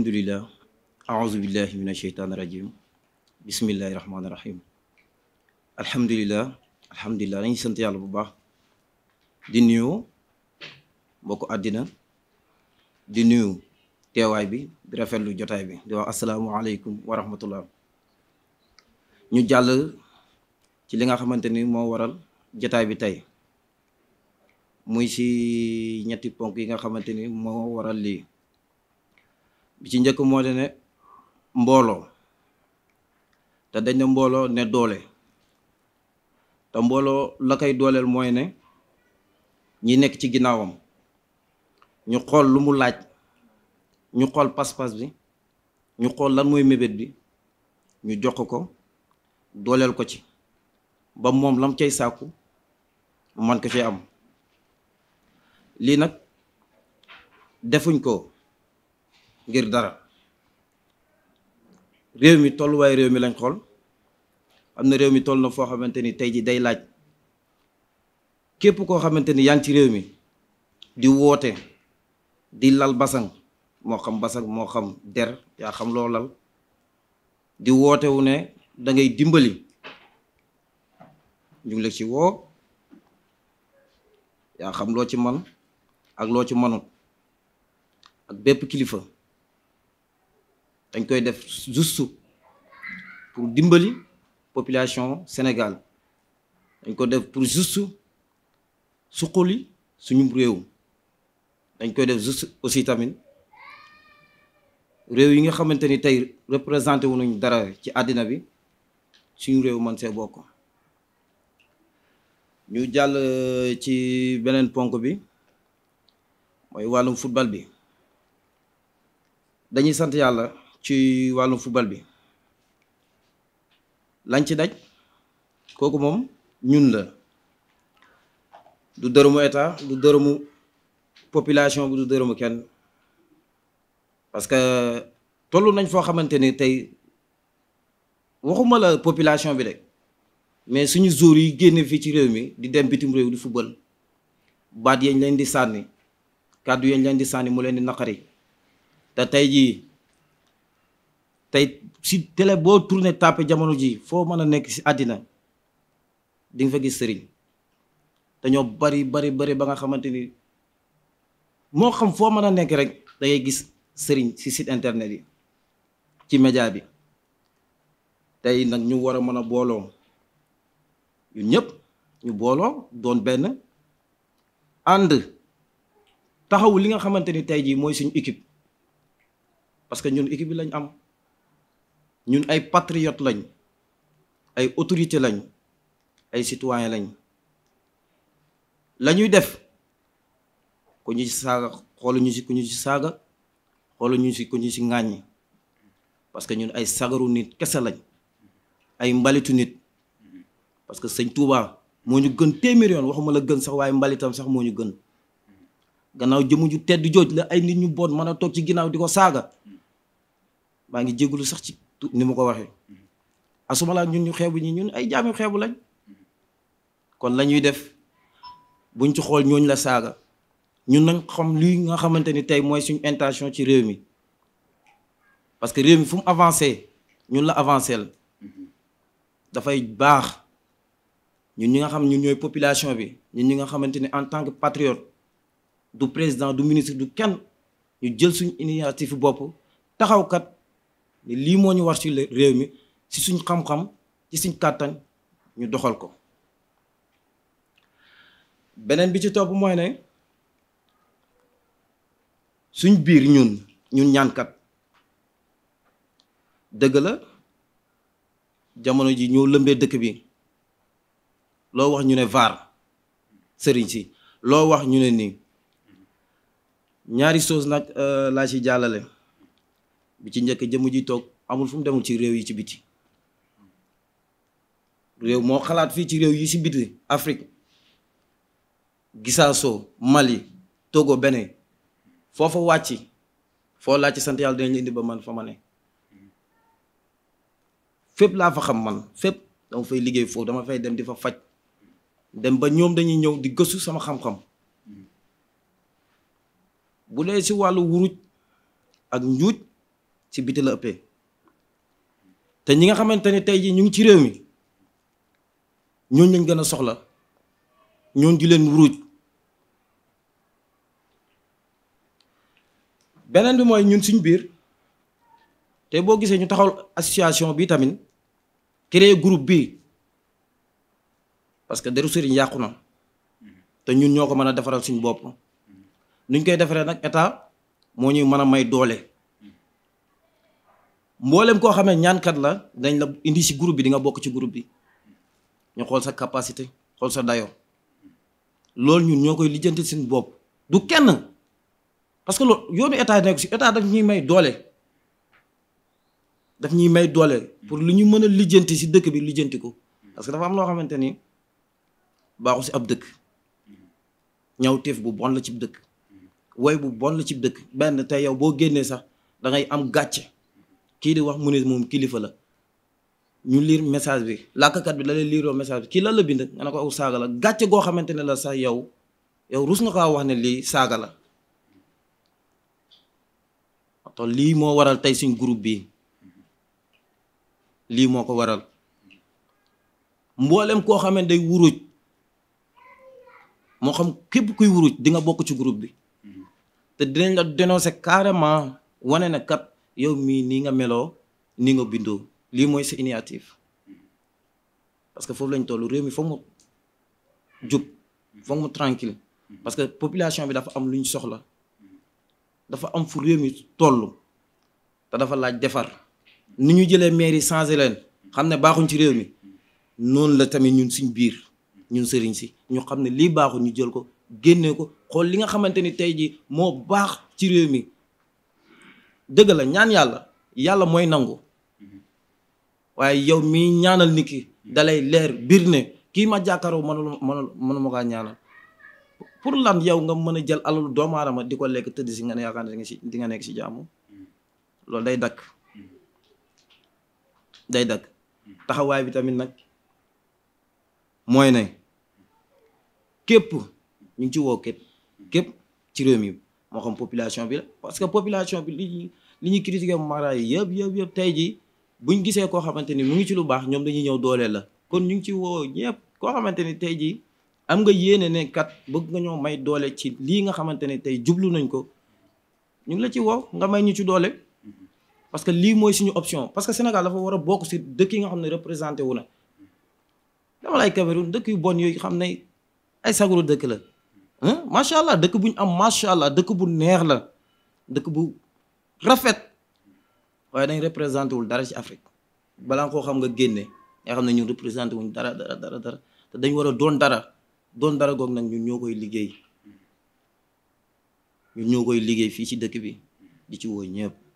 alhamdulilah aousubillahi min asheytaan irajim bismillahi rahmaani rahim alhamdulilah alhamdulilah dañuy sant yàlla bu baax di nuyu mbokku àddina di nuyu teewaay bi di rafetlu jotaay bi di wax asalaamualeykum wa rahmatullah ñu jàll ci li nga xamante ni moo waral jotaay bi tey muy si ñetti ponk yi nga xamante ni moo waral lii bi ci njëkk moo de ne mbooloo te dañ ne mbooloo ne doole te mbooloo la koy dooleel mooy ne ñi nekk ci ginnaawam ñu xool lu mu laaj ñu xool pas-pas bi ñu xool lan mooy mébét bi ñu jox ko dooleel ko ci ba moom lam cay saaku man ko cay am lii nag defuñ ko ngir dara réew mi tolluwaay réew mi lañ xool am na réew mi toll na foo xamante ni tey ji day laaj képp koo xamante ni yaa ngi ci réew mi di woote di lal basang moo xam basang moo xam der yaa xam loo lal di wootewu ne dangay dimbali ñu ngi la ci woo yaa xam loo ci man ak loo ci manut ak bépp kilifa dañ koy def juste pour dimbali population Sénégal dañ ko def pour juste suqali suñu réew dañ koy def juste aussi tamit réew yi nga xamante ni tey représenté wu nañu dara ci àddina bi suñu réew man see bokk ñu jàll euh, ci beneen ponk bi mooy wàllum football bi dañuy sant yàlla ci wàllum football bi lañ ci daj kooku moom ñun la du dërëmu état du dërëmu population bi du dërëmu kenn parce que toll nañ foo xamante ni tey waxuma la population bi rek mais suñu joueurs yi génne fii ci réew mi di dem bitim réew di football baat yañ leen di sànni kàddu yañ lañ di sànni mu leen di naqari te tey jii tey si télé boo tourné tapé jamono ji foo mën a nekk si àddina dinga fa gis sëriñ dañoo bari bari bari ba nga xamante ni moo xam foo mën a nekk rek da gis sëriñ si site internet yi ci média bi tey nag ñu war a mën a booloo ñun ñëpp ñu booloo doon benn ànd taxawu li nga xamante ni tey jii mooy suñ équipe parce que ñun équipe bi lañ am. ñun ay patriote lañ ay autorité lañ ay citoyen lañ la ñuy def ku ñu ci saaga xoolu ñu ci ku ñu ci saaga ñu ci ku ñu parce que ñun ay sagaru nit kese lañ ay mbalitu nit parce que sëñ Touba moo ñu gën téeméer yoon waxuma la gën sax waaye mbalitam sax moo ñu gën gannaaw jëmu ju tedd jooj la ay nit ñu bon mën a toog ci ginnaaw di ko saaga maa ngi jégalu sax ci ni mu ko waxee asumala ñun ñu xeebu ñi ñun ay jaami xeebu lañ kon lañuy ñuy def buñ ci xool ñooñ la saaga ñun nañ xam lii nga xamante ni tey mooy suñu intention ci réew mi parce que réew mi fu mu avancé ñun la avancé la dafay baax ñun ñi nga xam ñu ñooy population bi ñun ñi nga xamante ni en tant que patriote du président du ministre du kenn ñu jël suñu initiative bopp taxaw lii moo ñu war ci réew mi ci suñ xam-xam ci suñ kàttan ñu doxal ko beneen bi ci topp mooy ne suñ biir ñun ñun ñaankat dëgg la jamono ji ñoo lëmbee dëkk bi loo wax ñu ne vaar sëriñ si loo wax ñu ne nii ñaari soos nag euh, laa ci jàllale bi ci njëkk jëmm ji toog amul fu mu demul ci réew yi ci biti réew moo xalaat fii ci réew yi ci biti Afrique Gisaaso Mali Togo Benin foofa wàcc foo laa ci sant yàlla dinañ la ba man fa ma ne fépp laa fa xam man fépp dama fay liggéey foofu dama fay dem di fa faj dem ba ñoom dañuy ñëw di gëstu sama xam-xam mm. bu dee ci wàllu wuruj ak njuuj ci biti la ëppee te ñi nga xamante ni tey jii ñu ngi ci réew mi ñooñu lañ gën a soxla ñooñu di leen ruuj beneen bi mooy ñun suñu biir te boo gisee ñu taxawal association bi tamit créer groupe bi parce que deru sëriñ yàqu na te ñun ñoo ko mën a defaral suñu bopp nuñ koy defaree nag état moo ñuy mën a may doole. mboolem koo xamee ñaankat la dañ la indi si group bi di nga bokk ci groupe bi ñu xool sa capacité xool sa dayo loolu ñun ñoo koy lijjanti suñu bopp du kenn parce que loolu yoonu état nekk si état daf ñuy may doole daf ñuy may doole pour lu ñu mën a lijjanti si dëkk bi lijjanti ko parce que dafa am loo xamante ni baaxu si ab dëkk teef bu bon la ci dëkk woy bu bon la ci dëkk benn tey yow boo génnee sax da ngay am gàcce. kii di wax mu ne moom kilifa la ñu lire message bi làkkat bi la lay liiroo message bi kii lan la bind nga ne ko aw saaga la gàcce goo xamante ne la sax yow yow rus nga kaa wax ne lii saaga la to lii moo waral tey suñ groupe bi lii moo ko waral mboolem koo xamante day wuruj moo xam képp kuy wuruj di nga bokk ci groupe bi te dinañ la dénoncer carrément kat yow mii nii nga meloo nii nga bindoo lii mooy sa initiative parce que foofu lañ tollu réew mi foog mu jub foog mu tranquille parce que population bi dafa am lu ñu soxla dafa am fu réew mi toll te dafa laaj defar ni ñu jëlee maire yi changé leen xam ne baaxuñ ci réew mi noonu la tamit ñun suñ biir ñu sëriñ si ñu xam ne lii baaxul ñu jël ko génne ko xool li nga xamante ni tey jii moo baax ci réew mi dëgg la ñaan yàlla yàlla mooy nangu waaye yow mii ñaanal nit ki dalay leer biir ne kii ma jàkkaaroo mënul mënul mënu kaa ñaanal pour lan yow nga mën a jël alalu doomu aadama di ko lekk tëdd si nga ne yaakaar ne si di nga nekk si jaamu loolu day dakk day dakk taxawaay bi tamit nag mooy ne képp ñu ngi ci woo képp ci réew mi moo xam population bi la parce que population bi li li ñuy critiqué mara yi yëpp yëpp yëpp tey jii buñ gisee koo xamante ni mu ngi ci lu baax ñoom dañuy ñëw dooleel la kon ñu ngi ci woo ñëpp koo xamante ni tey jii am nga yéene bëgg nga ñoo may doole ci lii nga xamante ne tey jublu nañ ko ñu ngi la ci woo nga may ñu ci doole parce que lii mooy suñu option parce que Sénégal dafa war a bokk si dëkk yi nga xam ne représenté wu na dama lay Cameroun dëkk yu bon yooyu xam ne ay sagru dëkk la macha allah dëkk bu ñu am macha allah dëkk bu neex la dëkk bu rafet waaye dañ représenté wul dara ci Afrique balaa nga koo xam nga génne nga xam ñu représenté wuñ dara dara dara te dañ war a doon dara doon dara goog nag ñu ñoo koy liggéey ñu ñoo koy liggéey fii ci dëkk bi di ci woo ñëpp.